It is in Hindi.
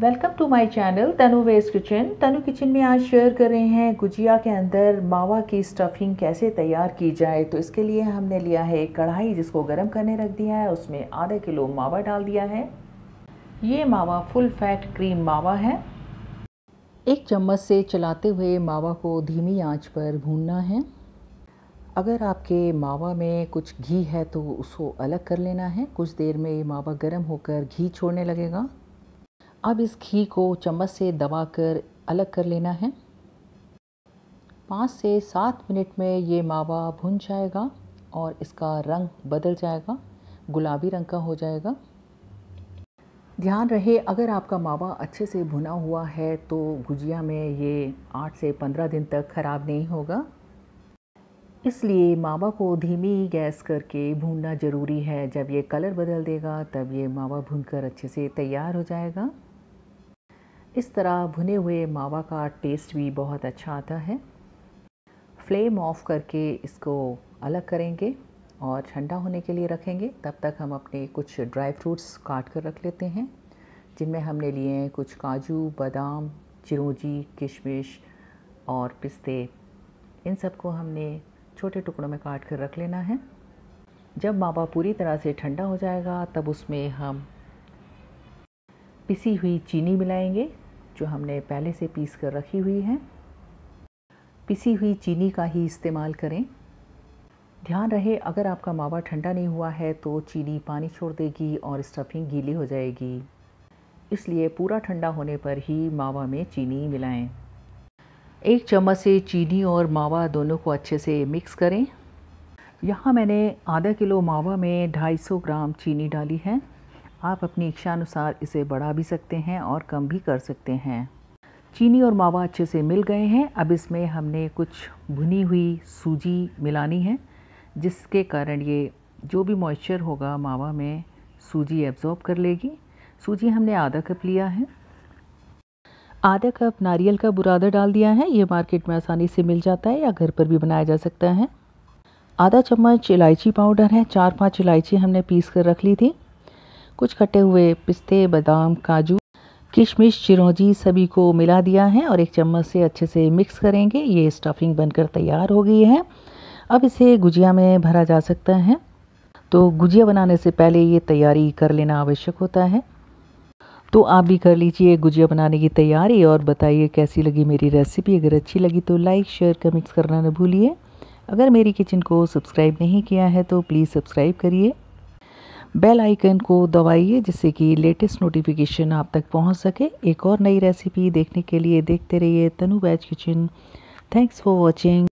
Welcome to my channel Tanu veg kitchen Tanu kitchen में आज शेयर कर रहे हैं गुजिया के अंदर मावा की स्टफिंग कैसे तैयार की जाए तो इसके लिए हमने लिया है एक कढ़ाई जिसको गर्म करने रख दिया है उसमें आधा किलो मावा डाल दिया है ये मावा फुल फैट क्रीम मावा है एक चम्मच से चलाते हुए मावा को धीमी आँच पर भूनना है अगर आपके मावा में कुछ घी है तो उसको अलग कर लेना है कुछ देर में मावा गर्म होकर घी छोड़ने लगेगा अब इस घी को चम्मच से दबा कर अलग कर लेना है पाँच से सात मिनट में ये मावा भुन जाएगा और इसका रंग बदल जाएगा गुलाबी रंग का हो जाएगा ध्यान रहे अगर आपका मावा अच्छे से भुना हुआ है तो गुजिया में ये आठ से पंद्रह दिन तक ख़राब नहीं होगा इसलिए मावा को धीमी गैस करके भूनना ज़रूरी है जब ये कलर बदल देगा तब ये मावा भूनकर अच्छे से तैयार हो जाएगा इस तरह भुने हुए मावा का टेस्ट भी बहुत अच्छा आता है फ्लेम ऑफ करके इसको अलग करेंगे और ठंडा होने के लिए रखेंगे तब तक हम अपने कुछ ड्राई फ्रूट्स काट कर रख लेते हैं जिनमें हमने लिए हैं कुछ काजू बादाम चिरौजी किशमिश और पिस्ते इन सब को हमने छोटे टुकड़ों में काट कर रख लेना है जब मावा पूरी तरह से ठंडा हो जाएगा तब उसमें हम पिसी हुई चीनी मिलाएंगे जो हमने पहले से पीस कर रखी हुई है पिसी हुई चीनी का ही इस्तेमाल करें ध्यान रहे अगर आपका मावा ठंडा नहीं हुआ है तो चीनी पानी छोड़ देगी और स्टफिंग गीली हो जाएगी इसलिए पूरा ठंडा होने पर ही मावा में चीनी मिलाएं। एक चम्मच से चीनी और मावा दोनों को अच्छे से मिक्स करें यहाँ मैंने आधा किलो मावा में 250 ग्राम चीनी डाली है आप अपनी इच्छा अनुसार इसे बढ़ा भी सकते हैं और कम भी कर सकते हैं चीनी और मावा अच्छे से मिल गए हैं अब इसमें हमने कुछ भुनी हुई सूजी मिलानी है जिसके कारण ये जो भी मॉइस्चर होगा मावा में सूजी एब्ज़ॉर्ब कर लेगी सूजी हमने आधा कप लिया है आधा कप नारियल का बुरादा डाल दिया है ये मार्केट में आसानी से मिल जाता है या घर पर भी बनाया जा सकता है आधा चम्मच इलायची पाउडर है चार पांच इलायची हमने पीस कर रख ली थी कुछ कटे हुए पिस्ते बादाम काजू किशमिश चिरौंजी सभी को मिला दिया है और एक चम्मच से अच्छे से मिक्स करेंगे ये स्टफिंग बनकर तैयार हो गई है अब इसे गुजिया में भरा जा सकता है तो गुजिया बनाने से पहले ये तैयारी कर लेना आवश्यक होता है तो आप भी कर लीजिए गुजिया बनाने की तैयारी और बताइए कैसी लगी मेरी रेसिपी अगर अच्छी लगी तो लाइक शेयर कमेंट्स करना न भूलिए अगर मेरी किचन को सब्सक्राइब नहीं किया है तो प्लीज़ सब्सक्राइब करिए बेल आइकन को दबाइए जिससे कि लेटेस्ट नोटिफिकेशन आप तक पहुंच सके एक और नई रेसिपी देखने के लिए देखते रहिए तनु बैच किचन थैंक्स फॉर वॉचिंग